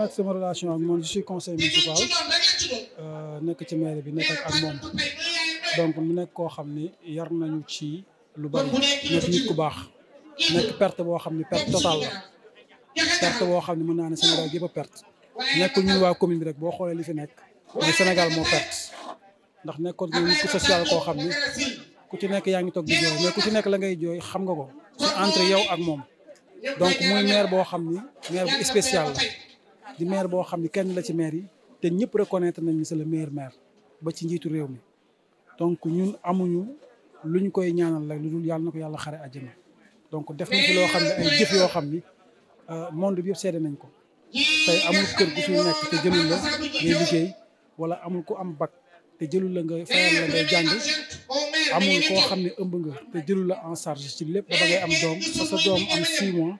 am sama relation ak moom je suis conseil municipal euh, nekk ci maire bi nekk ak moom donc mu nekk koo xam ni yar nañu ci lu bari nekk nit ku baax nekk perte boo xam ni perte totale la perte boo xam ni mën naa ne Sénégal yëpp a perte nekkul ñun waa commune bi rek boo xoolee li fi nekk mooy Sénégal moo perte ndax nekkoon na nit ku social koo xam ni ku ci nekk yaa ngi toog di jooy mais ku ci nekk la ngay jooy xam nga ko ci entre yow ak moom donc muy maire boo xam ni maire bu spécial la di maire boo xam ne kenn la ci maire yi te ñëpp reconnaître nañ ni c'est le meilleur ba ci njiitu réew mi donc ñun amuñu lu ñu koy ñaanal rek lu dul yàlla na ko yàlla xare àjjana donc def na ci loo xam ne ay jëf yoo xam ni euh, bi yëpp nañ ko tey amul kër gu fi nekk te jëlul la ngay liggéey wala amul ku am bac te jëlul la nga fayal la ngay jàng amul koo xam ne ëmb nga te jëlul la en charge ci lépp ba ngay am doom ba sa doom am 6 mois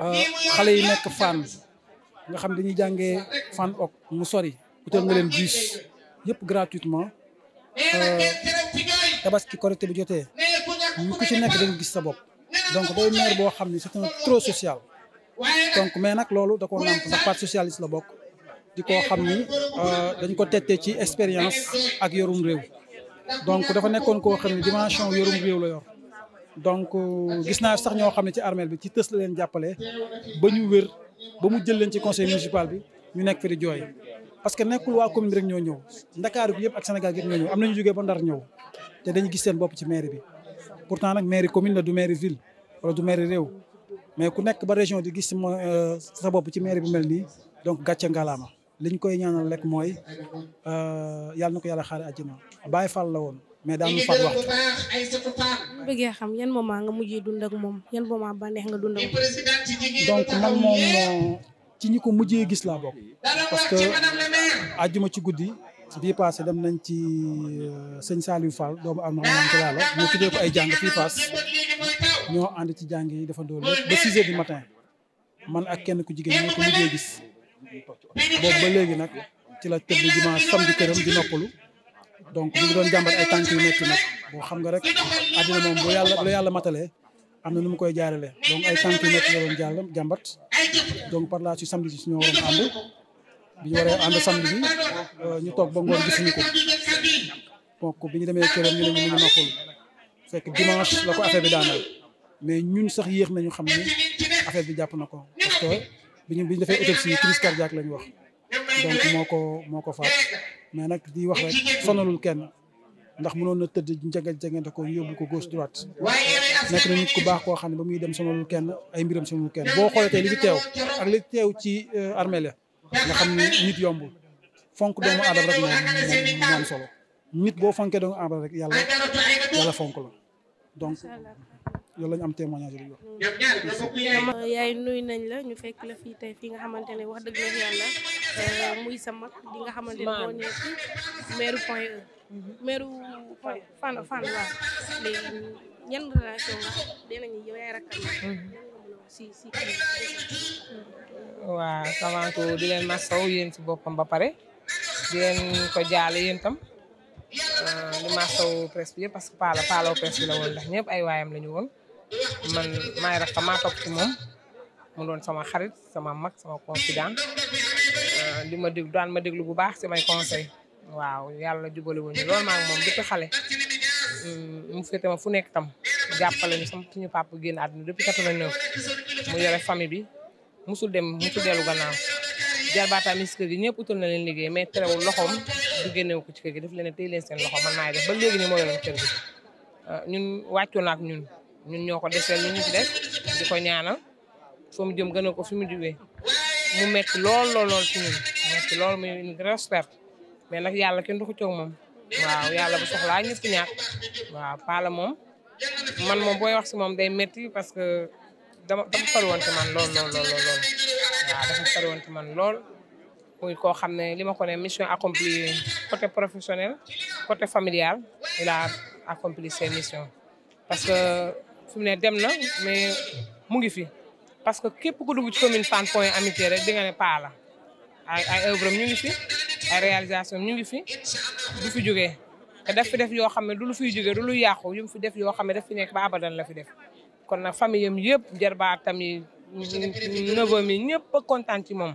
euh, xale yi nekk fànn nga xam dañuy jàngee fan ok mu sori utal nga leen bus yëpp gratuitement euh, tabaski korité bu jotee ñu ku ci nekk dañu gis sa bopp donc day maire boo xam ne c'est un trop social donc mais nag loolu da koo nàmp ndax parti la bokk di koo xam ni euh, dañ ko tettee ci expérience ak yorum réew donc dafa nekkoon koo xam ne dimension yorum réew la yor donc euh, gis naa sax ñoo xam ne ci armeel bi ci tës la leen jàppale ba ñu wér ba mu jël leen ci conseil municipal bi ñu nekk fi di jooy parce que nekkul waa commune bi rek ñoo ñëw ndakaaru bi yëpp ak Sénégal yëpp ñoo ñëw am nañu jógee ba ndar ñëw te dañu gis seen bopp ci mairie bi pourtant nag mairie commune la du mairie ville wala du mairie réew mais ku nekk ba région di gis sa euh, bopp ci mairie bu mel nii donc gàcce ngalaama liñ koy ñaanal rek mooy euh, yàlla na ko yàlla xaare àjjana Baye Fall la woon mais daal ñu faat waxtu ñu bëggee xam yan moment nga mujjee dund ak moom yan moment bànneex nga dund ak donc man moom euh, ci ñi ko mujjee gis laa bokk parce que àjjuma ci guddi bii passé dem nañ ci euh, sëñ Saliou Fall doomu alma ko yàlla ñu tuddee ay jàng fii paas ñoo ànd ci jàng yi dafa dool lépp ba six heures du matin man ak kenn ku jigéen ñoo ko mujjee gis boobu ba léegi nag ci la tëdd dimanche samedi këram di noppalu donc ñu ngi doon jàmbat ay tànk yu métti nag boo xam nga rek àddina moom bu yàlla lu yàlla matalee am na nu mu koy jaarale donc ay tànk yu métti la doon jàll jàmbat donc par là si ñoo waroon ànd bi ñu waree ànd samedi bi euh, ñu toog ba ngoon gisuñu ko bi ñu demee këram ñu ne ñu ngi noppal fekk dimanche la ko affaire bi daanal mais ñun sax yéex nañu xam ne affaire bi jàpp na ko parce que ñu bi ñu defee autopsie crise la ñu wax donc moo ko moo ko faat mais nag di wax rek sonalul kenn ndax mënoon na tëdd njënge njëngente ko yóbbu ko gauche droite nekk na nit ku baax koo xam ne ba muy dem sonalul kenn ay mbiram sonalul kenn boo xoolee tey li fi teew ak li teew ci euh, armée la nga xam ne nit yombul fonk dem aadama rek moom moom solo nit boo fonkee doomu aadama rek yàlla yàlla fonk la loolu la ñu am yaay nuyu nañ la ñu fekk la fi tey fii nga xamante ne wax dëgg la yàlla euh, muy sa mag di nga xamante ne moo nekk maire point E. maire point Fann e, Fann waaw léegi yan relation nga dinañu yow yaay rakkal si si kii waaw avant di leen masaw yéen si boppam ba pare di leen ko jaale yéen tam euh, di masaw presse bi yëpp parce que paala paalaw presse la woon ndax ñëpp ay waayam lañu woon. man maay rax maa topp ci moom mu doon sama xarit sama mag sama confident euh, di ma déglu daan ma déglu bu baax samay conseil waaw yàlla jubale wuñu loolu maa ngi moom depuis xale mm, mu féete ma fu nekk tam jàppale ñu sama suñu papa génn àdduna depuis quatre-vingt-neuf mu yore famille bi musul dem musul dellu gannaaw jarbaataam yi si kër gi ñëpp utal na leen liggéey mais terewul loxoom du génnewu ko ci kër gi daf leen a leen seen loxo man maay def ba léegi ni moo yoroon kër gi euh, ñun wàccoo na ak ñun ñoo ko deseel lu ñu ci def di ko ñaanal fa mu jëm gën a ko fi mu jugee mu metti lool lool lool ci ñun metti lool muy une grosse perte mais nag yàlla kenn du ko coog moom waaw yàlla bu soxlaa ñëpp ñàkk waaw Palla moom man moom booy wax si moom day metti parce que dama dafa fari woon man lool lool lool man lool muy koo xam ne li ma ko ne mission accomplie côté professionnel côté familial il a accompli ses missions parce que su mu ne dem na mais mu ngi fi parce que képp ku dugg ci commune Fann Point Amitié rek di nga ne la ay ay œuvre ñu ngi fi ay réalisation ñu ngi fi du fi jógee te daf fi def yoo xam ne du lu fiy jógee du lu yàqu yu mu fi def yoo xam ne daf fi nekk ba abadan la fi def kon a famille am yëpp jarbaatam yi neveu mi ñëpp a kontaan ci moom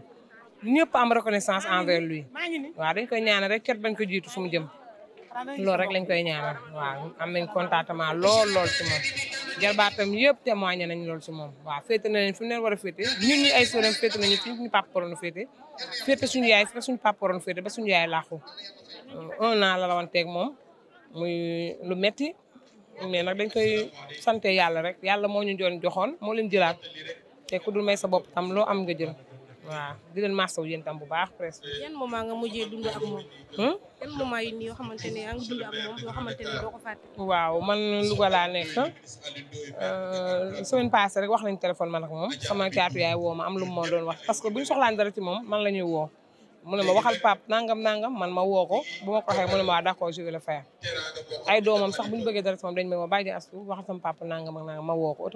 ñëpp am reconnaissance envers lui waaw dañ koy ñaanal rek cat bañ ko jiitu fu mu jëm loolu rek lañ koy ñaanal waaw am nañ jarbaatam yëpp témoigné nañ lool si moom waa féete na leen fu mu leen war a féete ñun ñi ay sóoram féete nañu fi ñu papa waroon féete féete suñ yaay fa suñu papa waroon féete ba suñu yaay laaxu euh, un an la rawanteeg moom muy lu metti mais nag dañ koy sante yàlla rek yàlla moo ñu doon joxoon moo leen jëlaat te ku dul may sa bopp tam loo am nga jël waaw di leen maasaw yéen tam bu baax presque. Eh. yan moment nga mujjee dund ak moom. Hmm? yan moment yi nii yoo xamante ne yaa ngi dund ak moom yoo xamante doo ko fàtte. waaw man Louga laa nekk eh, euh, semaine passée rek wax nañ téléphone man ak moom sama caatu yaay woo am lu mu doon wax parce que bu ñu soxlaan dara ci moom man la ñuy woo. mu ne ma waxal pap nangam nangam man ma woo ko bu ma ko waxee mu ne ma waa ah, d'accord je vais le faire ay doomam sax bu bëggee dara ma ma bàyyi ma woo ko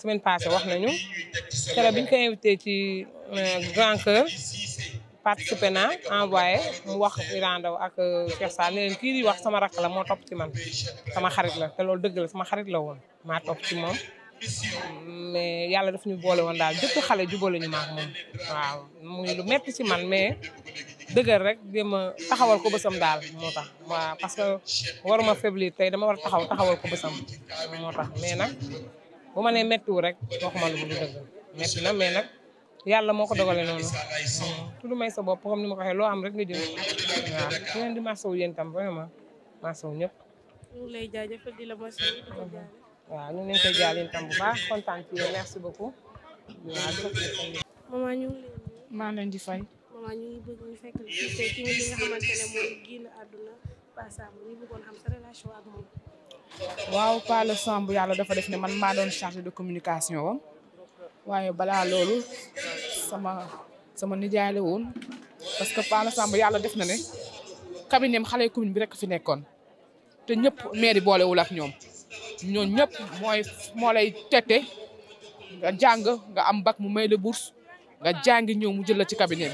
semaine passée wax nañu keroog bi ñu ko invité ci euh, grand cœur participé na envoyé mu wax Irandaw ak euh, Cheikh Sarr ne leen wax sama rakk la moo topp ci man sama xarit la loolu dëgg la sama xarit la woon maa topp moom mais yàlla daf ñu boole woon daal jëpp xale jubale ñu maak moom waaw mu lu ci man mais dëgër rek jéem a taxawal ko bësam daal moo tax waaw parce que waruma faiblir tey dama war taxaw taxawal ko bësam moo tax mais nag bu ma nee méttiwul rek waxuma lu dul na mais nag yàlla moo ko dogalee noonu. tudd may sa bopp comme ni ma ko waxee loo am rek nga jël waaw di masawu yéen tam vraiment masawu ñëpp. ñu ngi lay jaajëfal di la masawu di ko jaale. waaw ñu ngi bu baax kontaan ci yow merci beaucoup. maman ñu ngi leen maa leen di fay. maman ñu waaw Palla Samb yàlla dafa def ne man maa doon chargé de communication wam waaye balaa loolu sama sama nijaay la woon parce que Palla Samb yàlla def na ne cabinet xale commune bi rek fi nekkoon te ñëpp mairie boolewul ak ñoom ñooñu ñëpp mooy moo lay nga jàng nga am bac mu may la bourse nga jàngi ñëw mu jël la ci cabinet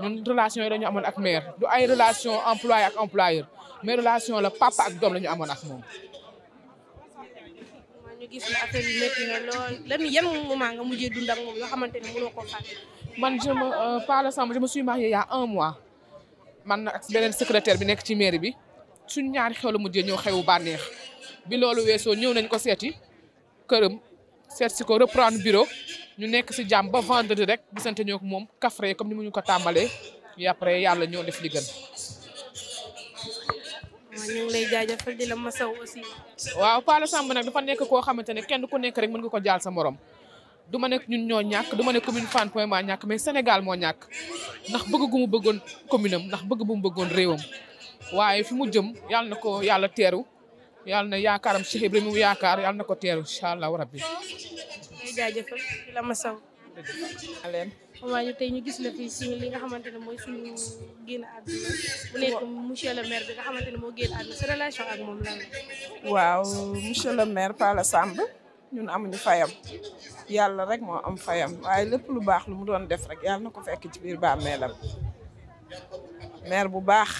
ñun relation yi dañu amoon ak maire du ay relation employé ak employeur mais relation la papa ak doom la ñu amoon ak moom. ñu gis ne affaire yi métti na lool lan nga xamante ne mënoo koo man je me euh, par exemple je me suis mariée un mois man ak beneen secrétaire bi nekk ci maire bi suñ ñaari xew la mujjee ñëw xewu bànneex bi loolu weesoo ñëw nañ ko seeti këram seet si ko reprendre bureau ñu nekk si jàmm ba vendredi rek gisante ñoo ko moom kafre comme ni mu ñu ko tàmbalee et après yàlla ñoo def li gën. ñu ngi lay jaajëfal di waaw Pala Samb nag dafa nekk koo xamante ne kenn ko nekk rek mën nga ko jaal sa morom du ma ne ñun ñoo ñàkk du ma ne commune Fann Point maa ñàkk mais Sénégal moo ñàkk ndax bëgg gu mu bëggoon commune ndax bëgg bu mu bëggoon réewam waaye fi mu jëm yàlla na ko yàlla teeru yal na yaakaaram Cheikh Ibrahima mu yaakaar yàlla na ko teeru incha allahu rabbi. di la jaajëfal di la masaw. waaye tey ñu gis la fii si li nga xamante ne mooy suñu génn àdduna monsieur le maire bi nga xamante ne moo génn àdduna sa relation la. waaw monsieur le maire Pala Samb ñun amuñu fayam yàlla rek moo am fayam waaye lépp lu baax lu mu doon def rek yàlla na ko fekk ci biir bàmmeelam maire bu baax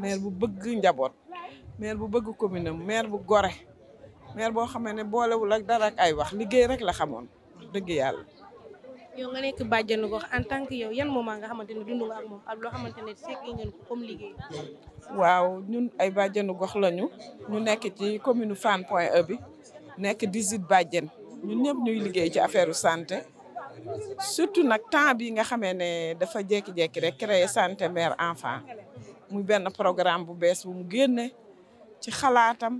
maire bu bëgg njaboot maire bu bëgg commune am maire bu gore maire boo xamee ne boolewul ak dara ak ay wax liggéey rek la xamoon dëgg yàlla. yow nga nekk bàjjenu gox en tant que yow yan moment nga xamante ne dund nga ak moom ak loo xamante ne sekk ngeen ko comme liggéey. waaw ñun ay bàjjenu gox lañu ñu nekk ci commune Fann Point E bi nekk 18 bàjjen ñun ñëpp ñuy liggéey ci affaire santé surtout nag temps bi nga xamee ne dafa jékki-jékki rek créer santé mère enfant mu benn programme bu bees bu mu génne ci xalaatam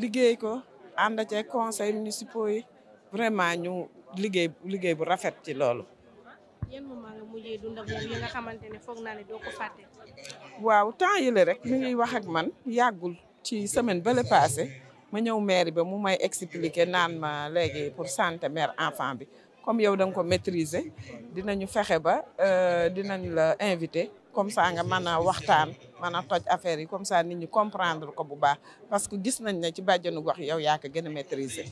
liggéey ko ànd ceeg conseil municipal yi vraiment ñu. liggéey liggéey bu rafet ci loolu. xamante ne foog naa ne waaw temps yi la rek mi ngi wax ak man yàggul ci semaine bële paase ma ñëw maire ba mu may expliquer naan ma léegi pour santé mère enfant bi comme yow da nga ko maîtriser dinañu fexe ba euh, dinañ la invité comme ça nga mën a waxtaan mën a toj affaire yi comme ça nit ñi comprendre ko bu baax parce que gis nañ ne ci bàjjanu gox yow yaa ko gën a maîtriser.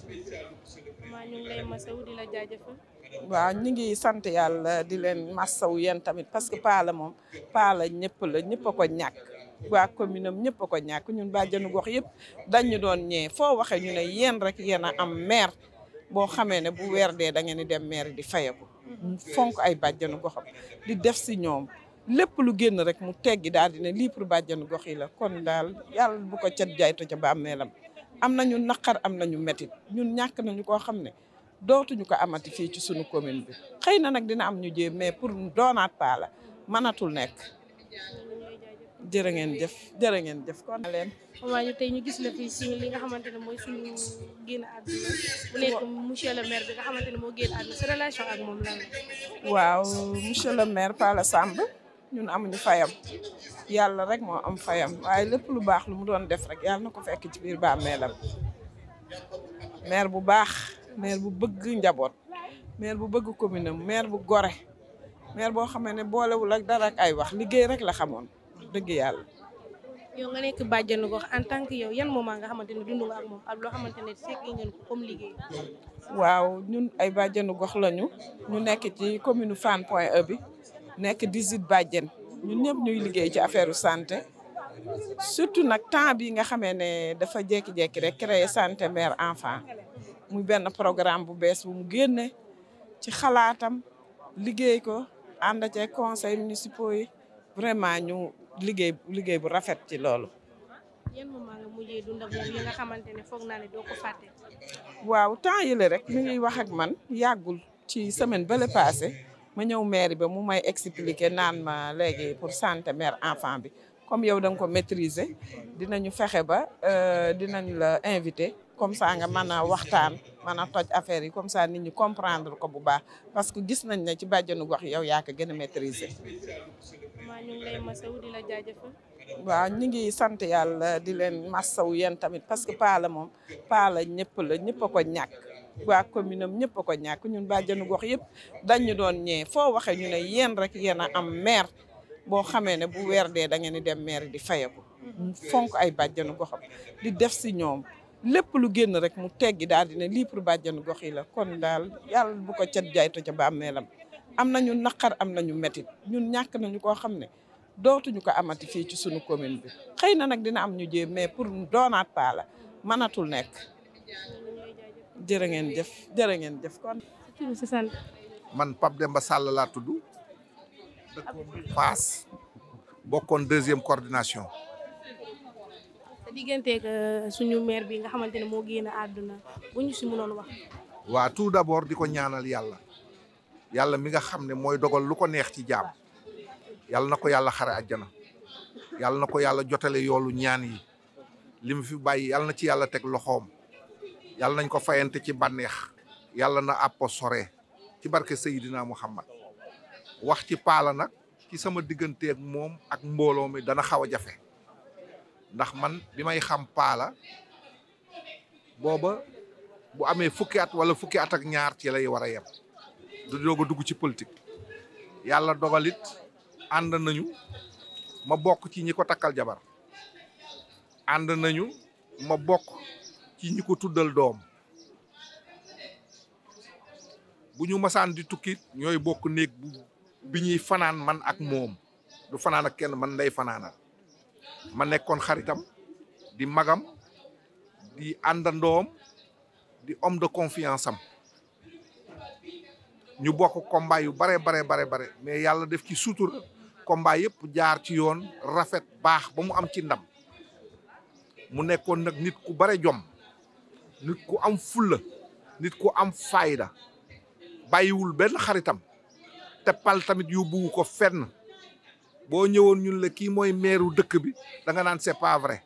vraiment ñu ngi waaw ñu ngi sant yàlla di leen masawu yéen tamit parce que Paa la moom Paa la ñëpp la ñëpp a ko ñàkk. waa commune am ñëpp a ko ñàkk ñun bàjjenu gox yëpp dañu doon ñee foo waxee ñu ne yéen rek yéen a am maire boo xamee ne bu weer dee da ngeen di dem maire di fayeku fonk ay bàjjenu goxam di def si ñoom. lépp lu génn rek mu teggi daal di ne lii pour bàjjenu gox yi la kon daal yàlla bu ko cat jaayto ca bàmmeelam am nañu naqar am ñu metit ñun ñàkk nañu koo xam ne dootuñu ko amati fii ci suñu commune bi xëy na nag dina am ñu jéem mais pour doonaat paa la mënatul nekk jërë ngeen jëf jërë ngeen jëf kon leen waaw ñu tey ñu gis la fii si li nga xamante ne mooy suñu génn àdduna bu nekk monsieur le maire bi nga xamante ne moo génn àdduna relation ak moom lan waaw monsieur le maire Pala Samb ñun amuñu fayam yàlla rek moo am fayam waaye lépp lu baax lu mu doon def rek yàlla na ko fekk ci biir bàmmeelam maire bu baax maire bu bëgg njaboot maire bu bëgg commune am maire bu gore maire boo xamee ne boolewul ak dara ak ay wax liggéey rek la xamoon dëgg yàlla. yow nga nekk bàjjenu gox en tant que yow yan moment nga xamante ne dund nga ak moom ak loo xamante ne fekkee ngeen ko waaw ay bàjjenu gox lañu ñu nekk ci commune Fann Point E nekk 18 bàjjen ñun ñëpp ñuy liggéey ci affaire santé surtout nag temps bi nga xamee ne dafa jékki-jékki rek créer santé mère enfant mu benn programme bu bees bu mu génne ci xalaatam liggéey ko ànd ceeg conseil municipal yi vraiment ñu liggéey liggéey bu rafet ci loolu. yan moment yi nga xamante ne foog naa waaw temps yële rek mi ngi wax ak man yàggul ci semaine bële passé ma ñëw maire ba mu may expliquer naan ma léegi pour santé mère enfant bi comme yow da nga ko maîtriser dinañu fexe ba euh, dinañ la invité comme ça nga mën a waxtaan mën a toj affaire yi comme ça nit ñi comprendre ko bu baax parce que gis nañ ne ci bàjjenu gox yow yaa ko gën a maîtriser. ñu ngi lay masaw di la jaajëfal. waaw ñu ngi sant yàlla di leen masaw yéen tamit parce que paa la moom paa la ñëpp la ñëpp ko ñàkk. waa commune am ñëpp ko ñàkk ñun bàjjenu gox yëpp dañu doon ñee foo waxee ñu ne yéen rek yéen a am maire boo xamee ne bu weer dee da ngeen di dem maire di fayeku fonk ay bàjjenu goxam di def si ñoom lépp lu génn rek mu teggi daal di ne lii pour bàjjenu gox yi la kon daal yàlla bu ko cat jaayto ca bàmmeelam am nañu naqar am na ñu métit ñun ñàkk nañu koo xam ne dootuñu ko amati fii ci sunu commune bi xëy na nag dina am ñu jéem mais pour doonaat paa la mënatul nekk jërë ngeen jëf jërë ngeen jëf kon. man dem ba Sall laa tudd dëkkoon Fass bokkoon deuxième coordination. sa digganteeg euh, suñu meer bi nga xamante ne moo génn àdduna bu ñu si mënoon wax. waa tout d'abord di ko ñaanal yàlla yàlla mi nga xam ne mooy dogal lu ko neex ci jaam yàlla na ko yàlla xare àjjana yàlla na ko yàlla jotale yoolu ñaan yi li fi bàyyi yàlla na ci yàlla teg loxoom. yàlla nañ ko fayante ci bànneex yàlla na àppo sore ci barke Seydina Muhammad wax ci paala nag ci sama diggante moom ak mbooloo mi dana xaw a jafe ndax man bi may xam paala booba bu amee fukki at wala fukki at ak ñaar ci lay war a yem du doog a dugg ci politik yàlla dogalit ànd nañu ma bokk ci ñi ko takkal jabar ànd nañu ma bokk ci ñi ko tuddal doom bu ñu masaan di tukki ñooy bokk néeg bi ñuy fanaan man ak moom du fanaan ak kenn man nday fanaanal ma nekkoon xaritam di magam di àndandoom di homme de confiance am ñu bokk combat yu bare bare bare mais yàlla def ci sutura combat yëpp jaar ci yoon rafet baax ba mu am ci ndam mu nekkoon nag nit ku bare jom nit ku am fulla nit ku am fayda bàyyiwul benn xaritam te pal tamit yóbbuwu ko fenn boo ñëwoon ñun la kii mooy meeru dëkk bi danga naan c'est pas vrai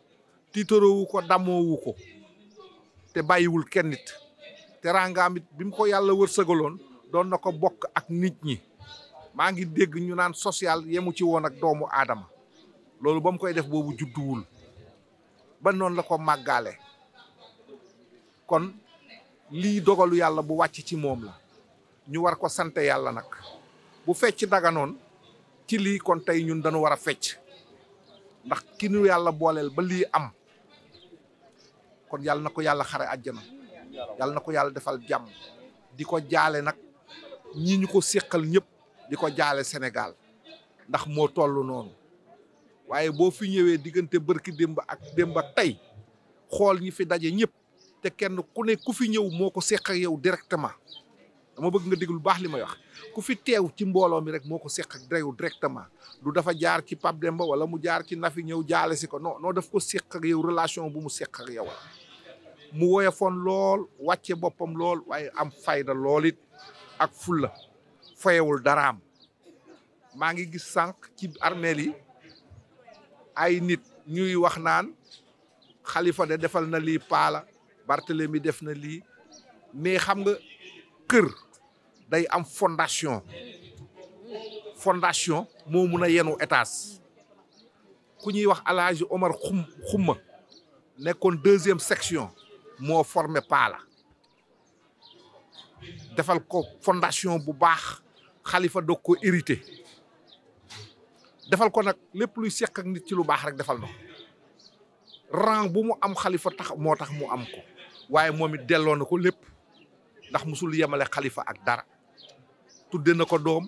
tiitarowu ko damoowu ko te bàyyiwul kenn nit teraangaam it bi mu ko yàlla wërsëgaloon doon na ko bokk ak nit ñi maa ngi dégg ñu naan social yemu ci woon ak doomu aadama loolu ba mu koy def boobu judduwul ba noonu la ko màggaale kon lii dogalu yàlla bu wàcc ci moom la ñu war ko sante yàlla nag bu fecc daganoon ci lii kon tey ñun dañu war a fecc ndax kinu yàlla booleel ba lii am kon yàlla na ko yàlla xare àjjana yàlla na ko yàlla defal jàmm di ko jaale nag ñi ñu ko séqal ñépp di ko jaale Sénégal ndax moo toll noonu waaye boo fi ñëwee diggante bërki démb ak démb ak tey xool ñi fi daje ñëpp te kenn ku ne ku fi ñëw moo ko seq ak yow directement dama bëgg nga déglu lu baax li may wax ku fi teew ci mbooloo mi rek moo ko seq ak directement du dafa jaar ci Pape Demba wala mu jaar ci Nafi ñëw jaale si ko non non daf ko seq ak yow relation bu mu seq ak yow mu foon lool wàcce boppam lool waaye am fayda lool it ak fulla fayewul daraam maa ngi gis sànq ci armeel yi ay nit ñuy wax naan xalifa de defal na lii paala Barthélemy def na lii mais xam nga kër day am fondation fondation moo mun a yenu étage ku ñuy wax Alaaji Omar xum xumma nekkoon deuxième section moo formé paala defal ko fondation bu baax xalifa doog ko hérité defal ko nag lépp luy seq ak nit ci lu baax rek defal na rang bu mu am xalifa tax moo tax mu am ko waaye moom it delloo na ko lépp ndax musul yemale xalifa ak dara tudde na ko doom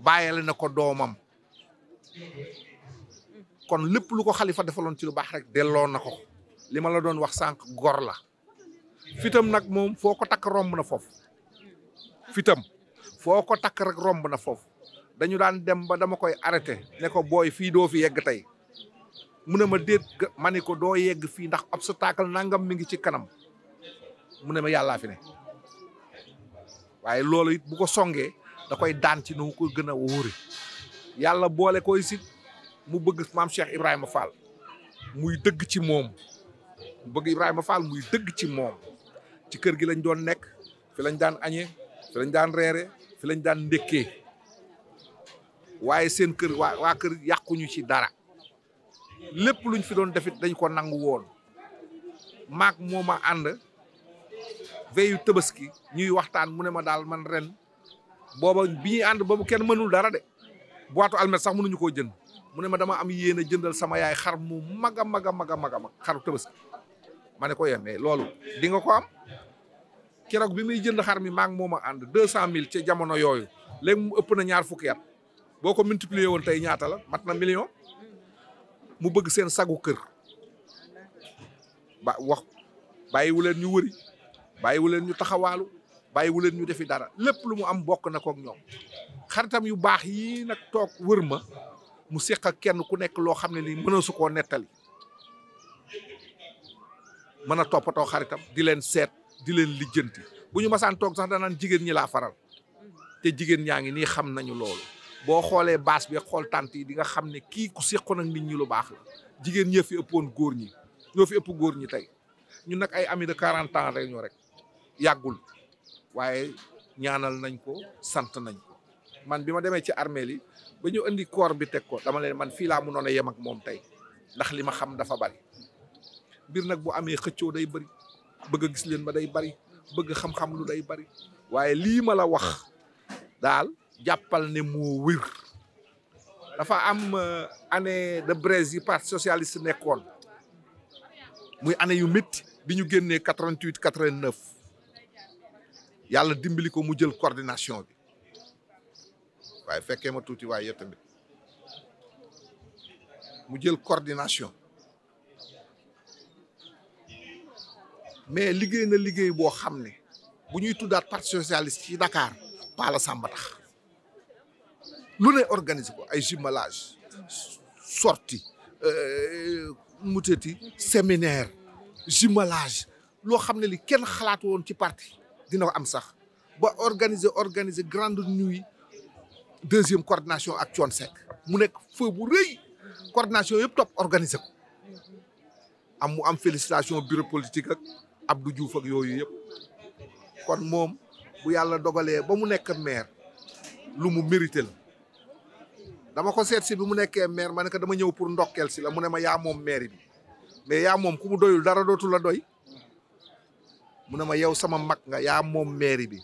bàyyale na ko doomam kon lépp lu ko xalifa defaloon ci lu baax rek delloo na ko li ma la doon wax sànq gor la fitam nag moom foo ko takk romb na foofu fitam foo ko takk rek romb na foofu dañu daan dem ba dama koy arrêté ne ko booy fii doo fi yegg tey mu ne ma déet ma ne ko doo yegg fii ndax obstacle nangam mi ngi ci kanam mu ne ma yàllaa fi ne waaye loolu it bu ko songee da koy daan ci nu ko gën a wóore yàlla boole ko si mu bëgg maam Cheikh Ibrahima Fall muy dëgg ci moom mu bëgg Ibrahima Fall muy dëgg ci moom ci kër gi lañ doon nekk fi lañ daan añe fi lañ daan reere fi lañ daan ndékkee waaye seen kër waa waa kër yàquñu ci dara lépp luñ fi doon defit dañ ko nangu woon maak moo ma ànd veyu tëbaski ñuy waxtaan mu ne ma daal man ren booba bi ñuy ànd boobu kenn mënul dara de boitu almet sax mënuñu koo jënd mu ne ma dama am yéen a jëndal sama yaay xar mu mag a mag a mag a mag a xaru tëbaski ma ne ko yemee eh, loolu di nga ko am keroog bi muy jënd xar mi maak moom ma ànd deux cent mille ca jamono yooyu léegi mu ëpp na ñaar fukki at boo ko multiplier woon tey ñaata la mat na million mu bëgg seen sagu kër ba wax bàyyiwu leen ñu wëri bàyyiwu leen ñu taxawaalu bàyyiwu leen ñu defi dara lépp lu mu am bokk na kook ñoom xaritam yu baax yii nag toog wër ma mu seq kenn ku nekk loo xam ne nii mën a su koo nettali mën a toppatoo xaritam di leen seet di leen lijjanti bu ñu masaan toog sax danaan jigéen ñi laa faral te jigéen ñaa ngi nii xam nañu loolu boo xoolee baas bi xool tànt yi di nga xam ne kii ku seqoon ak nit ñi lu baax la jigéen ñi fi ëppoon góor ñi ñoo fi ëpp góor ñi tey ñun nag ay ami de quarante ans rek rek yàggul waaye ñaanal nañ ko sant nañ man bi ma demee ci armée li ba ñu indi koor bi teg ko dama leen man fii laa mënoon a yem ak moom tey ndax li ma xam dafa bari mbir nag bu amee xëccoo day bari bëgg a gis leen ba day bari bëgg xam-xam lu day bari waaye lii ma la wax daal jàppal ne moo wér dafa am euh, année de braise yi parti socialiste nekkoon muy année yu métti bi ñu génnee quatre vingt huit quatre vingt neuf yàlla dimbali ko mu jël coordination bi waaye fekkee ma tuuti waaye yow mu jël coordination mais liggéey na liggéey boo xam ne bu ñuy tuddaat parti socialiste ci Dakar Pala Samba lu ne organiser ko ay jumelage sorti euh, mu tëti seminaire jumelage loo xam ne li kenn xalaat woon ci parti dina ko am sax ba organiser organiser grande nuit deuxième coordination ak coon mu nekk feu bu rëy coordination yëpp topp organiser ko am mu am félicitation bureau politique ak Abdou Diouf yooyu yëpp kon moom bu yàlla dogalee ba mu nekk maire lu mu mérité dama ko seet si bi mu nekkee maire ma ne ko dama ñëw pour ndokkeel si la mu ne ma yaa moom maire bi mais yaa moom ku mu doyul dara dootu a doy mu ne ma yow sama mag nga yaa moom maire bi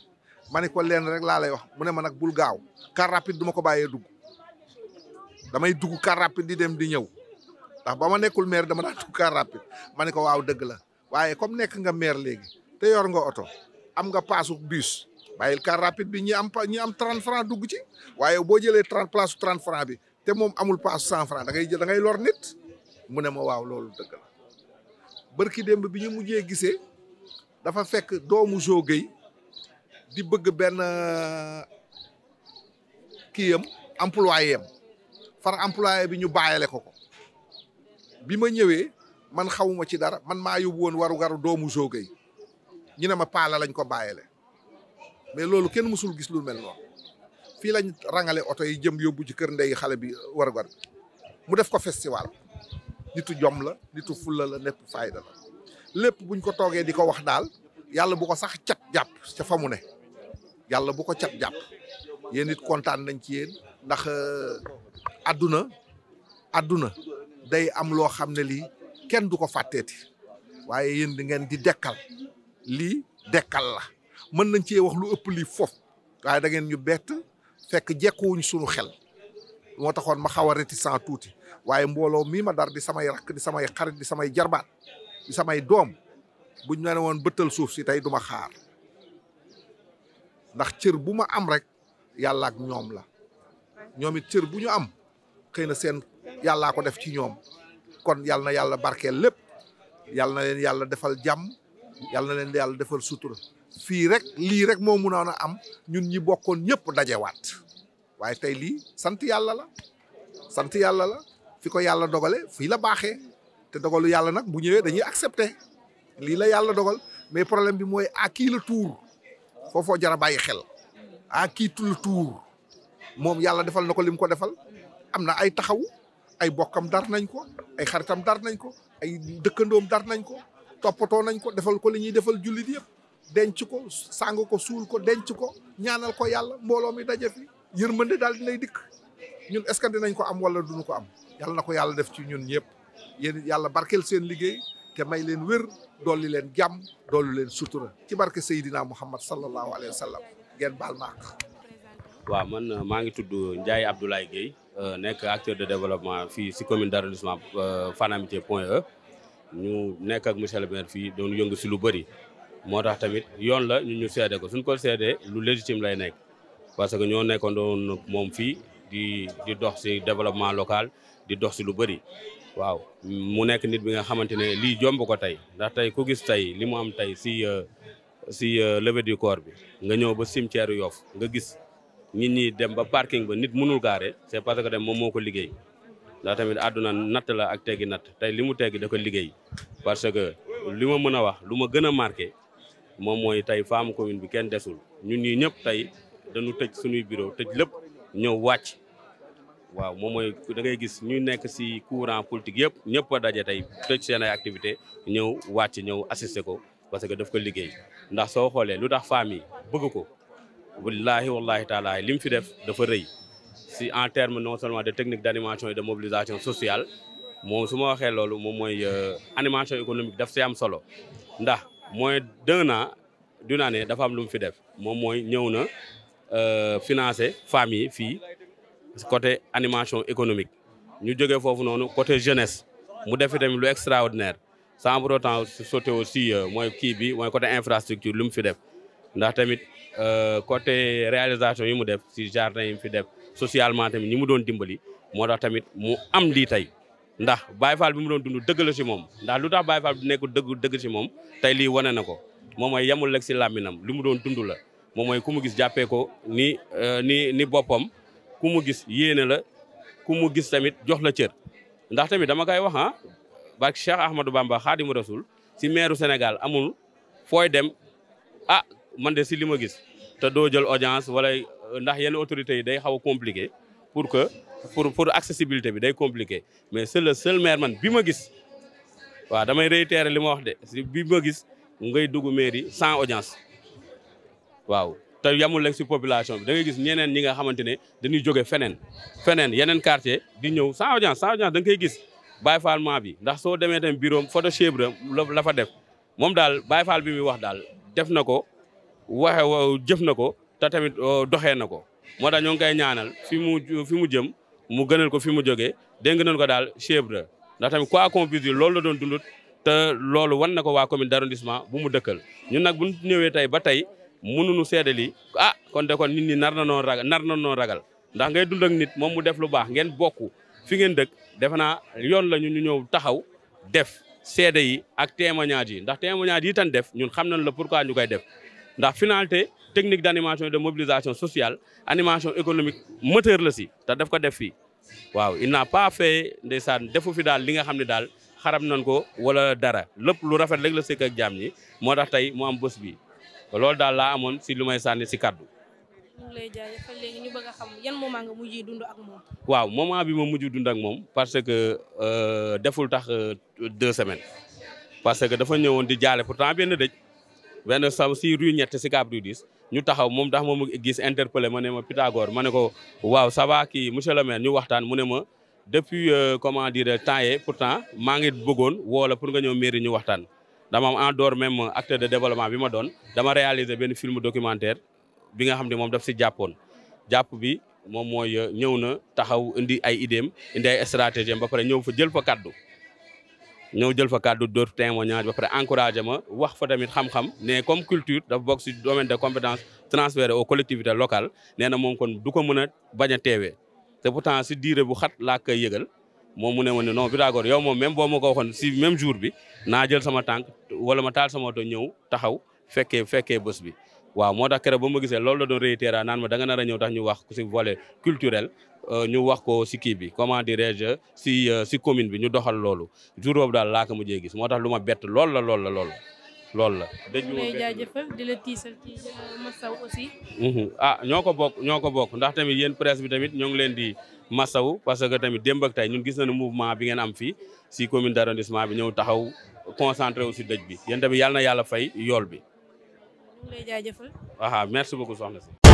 ma ne ko leen rek laa lay wax mu ne ma nag bul gaaw car du ma ko bàyyee dugg damay dugg car rapide di dem di ñëw ndax ba ma nekkul maire dama daan dugg car rapide ma ne ko waaw dëgg la waaye comme nekk nga maire léegi te yor nga oto am nga paasu bus bàyyil car rapide bi ñi am ñi am 30 francs dugg ci waaye boo jëlee 30 place su 30 francs bi te moom amul place su 100 francs da ngay jël da ngay nit mu ne ma waaw loolu dëgg la bërki démb bi ñu mujjee gisee dafa fekk doomu Jogey di bëgg benn euh, kiyam employé am far employé bi ñu bàyyale ko bi ma ñëwee man xawuma ci dara man maa yóbbu woon waru garu doomu Jogey ñu ne ma paala lañ ko bàyyale mais loolu kenn mësul gis lu mel noonu fii lañ rangale oto yi jëm yóbbu ci kër ndey xale bi war war mu def ko festival nitu jom la nitu fulla la nepp fayda la lépp buñ ko toogee di ko wax daal yàlla bu ko sax cat jàpp ca fa mu ne yàlla bu ko cat jàpp yéen kontaan nañ ci yéen ndax euh, àdduna àdduna day am loo xam ne lii kenn du ko fàtteeti waaye yéen di di dekkal lii dekkal la mën nañ cee wax lu ëpp lii foofu waaye da ngeen ñu bett fekk jekkuwuñ sunu xel moo taxoon ma xaw a réticent tuuti waaye mbooloo mii ma dar di samay rakk di samay xarit di samay jarbaat di samay doom buñ ma ne woon bëtal suuf si tey duma xaar ndax cër bu ma am rek yàlla ak ñoom la ñoom it cër bu ñu am xëy na seen yàllaa ko def ci ñoom kon yàlla na yàlla barkeel lépp yàlla na leen yàlla defal jàmm yàlla na leen yàlla defal sutura fii rek lii rek moo mënoon a am ñun ñi bokkoon ñëpp dajewaat waaye tey lii sant yàlla la sant yàlla la fi ko yàlla dogale fii la baaxee te dogalu yàlla nag bu ñëwee dañuy accepter lii la yàlla dogal mais problème bi mooy à qui le tour foofoo jar a bàyyi xel à qui le tour moom yàlla defal na ko lim ko defal am na ay taxaw ay bokkam dar nañ ko ay xaritam dar nañ ko ay dëkkandoom dar nañ ko toppatoo nañ ko defal ko li ñuy defal jullit yëpp denc ko sang ko suul ko denc ko ñaanal ko yàlla mbooloo mi daje fi yërmande daal di lay dikk ñun est-ce que dinañ ko am wala duñu ko am yàlla na ko yàlla def ci ñun ñëpp yéen yàlla barkeel seen liggéey te may leen wér dolli leen jàmm dolli leen sutura ci barke Seydina Muhammad sallallahu alayhi wa sallam ngeen baal maak waaw man euh, maa ngi tudd Ndiaye Abdoulaye Guèye euh, nekk acteur de développement fii si commune d'arrondissement euh, Fann Amitié Point E ñu nekk ak monsieur le maire fii doon yëngu si lu bëri moo tax tamit yoon la ñu ñu seede ko suñ ko seedee lu légitime lay nekk parce que ñoo nekkoon doon moom fii di di dox si développement local di dox si lu bëri waaw mu nekk nit bi nga xamante ne lii jomb ko tey ndax tey ku gis tey li mu am tey si si euh, euh, levée du corps bi nga ñëw ba cimetière yoof nga gis nit ñi dem ba parking ba nit mënul gaare c'est parce que dem moom moo ko liggéey ndax tamit àdduna natt la ak teggi natt tey li mu teggi da ko liggéey parce que li ma mën a wax lu ma gën a marqué moom mooy tey femme commune bi kenn desul ñun ñii ñëpp tey dañu tëj suñuy bureau tëj lépp ñëw wàcc waaw moom mooy da ngay gis ñu nekk si courant politique yëpp ñëpp a daje tey tëj seen activité ñëw wàcc ñëw assister ko parce que daf ko liggéey ndax soo xoolee lu dax femme yi bëgg ko wallaahi wallaahi taala li mu fi def dafa rëy si en terme non seulement de technique d' animation de mobilisation sociale moom su ma waxee loolu moom mooy euh, animation économique daf si am solo moins d'un an d'une année dafa am lu mu fi def moom mooy ñëw na euh, financer femmes yi fii côté animation économique ñu jógee foofu noonu côté jeunesse mu def fi tamit lu extraordinaire sans pour autant sauter aussi euh, mooy kii bi mooy côté infrastructure lu mu fi def ndax tamit euh, côté réalisation yi mu def si jardin yi mu fi def socialement tamit ñi mu doon dimbali moo tax tamit mu am lii tey ndax Baye Fall bi mu doon dund dëgg la si moom ndax lu tax Baye Fall bi dëgg dëgg si moom tey lii wane na ko moom mooy yemul rek si làmminam li mu doon dund la moom mooy ku mu gis jàppee ko ni euh, ni ni boppam ku mu gis yéene la ku mu gis tamit jox la cër ndax tamit dama koy wax ah barke Cheikh Ahmadou Bamba Xaadimu Rasul si meeru Sénégal amul fooy dem ah man de si li ma gis te doo jël audience wala euh, ndax yenn autorités yi day xaw a compliqué pour pour pour accessibilité bi day compliqué mais c'est le seul maire man bi ma gis waaw damay réitérer li ma wax de bi ma gis ngay dugg mairie sans audience waaw te yamul rek si population bi da gis ñeneen ñi nga xamante ne dañuy jóge feneen feneen yeneen quartier di ñëw sans audience sans audience da nga koy gis Baye bi ndax soo demee tamit bureau photo chèvre la fa def moom daal Baye Fall bi muy wax daal def na ko waxe jëf na ko te tamit oh, doxee na ko moo tax ñoo ngi mu gënal ko fi mu jógee dénk nañ ko daal Cheikh Ibra ndax tamit quoi qu'on puisse dire loolu la doon dundut te loolu wan na ko waa commune darondissement bu mu dëkkal ñun nag bu ñëwee tey ba tey mënuñu seede lii ah kon de kon nit ñi nar na noo ragal nar na noo ragal ndax ngay dund ak nit moom mu def lu baax ngeen bokk fi ngeen dëkk defe naa yoon la ñu ñu ñëw taxaw def seede yi ak témoignage yi ndax témoignage yi tan def ñun xam nañ la pourquoi ñu koy def ndax finalité technique d' animation de mobilisation sociale animation économique moteur la si te daf ko def fii waaw il n'a pas fait ndeysaan defu fi daal li nga xam ne daal xaram nañ ko wala dara lépp lu rafet rek la sëkk ak jaam moo tax tey mu am bés bi loolu daal laa amoon si lu may sànni si kaddu. ñu lay yan dund ak moom. waaw moment bi ma mujj dund ak moom parce que euh, deful tax euh, deux semaines parce que dafa ñëwoon di jaale pourtant benn dëj benn sa si rue ñett si Cap Rue 10 ñu taxaw moom ndax mu gis interpellé ma ne ma Pythagore ma ne ko waaw ça va kii monsieur le maire ñu waxtaan mu ne ma depuis euh, comment dire temps yii pourtant maa ngi bëggoon woola pour nga ñëw mairie ñu waxtaan. dama am en dehors même acteur de développement bi ma doon dama réaliser benn film documentaire bi nga xam ne moom daf si jàppoon jàpp bi moom mooy euh, ñëw na taxaw indi ay idéem indi ay stratégie ba pare ñëw fa jël fa kaddu. ñëw jël fa kàddu dóor témoignage ba pare encouragé ma wax fa tamit xam-xam ne comme culture dafa bokk si domaine de compétence transféré aux collectivités locales nee na moom kon du ko mën a bañ a teewee te pourtant si diire bu xat laa koy yëgal moom mu ne ma ne bi Pythagore yow moom même boo ma ko waxoon si même jour bi naa jël sama tànk wala ma taal sama oto ñëw taxaw fekkee fekkee bés bi waaw moo tax keroog ba ma gisee loolu la doon réitéra naan ma da nga a ñëw tax ñu wax si volet culturel euh, ñu wax ko si kii bi comment dirais-je si si euh, commune bi ñu doxal loolu jour boobu daal laa ko mujjee gis moo tax lu ma bett lool la lool la lool loolu la. dañu lay jaajëfal di tiisal ci euh, masaw aussi. Mm-hmm. ah ñoo ko bokk ñoo ko bokk ndax tamit yéen presse bi tamit ñoo ngi leen di masaw parce que tamit démb ñun gis nañu mouvement bi ngeen am fii si commune d' arrondissement bi ñëw taxaw concentré aussi dëj bi yéen tamit yàlla na yàlla fay yool bi. ñu ngi lay jaajëfal. waaw merci beaucoup soxna si.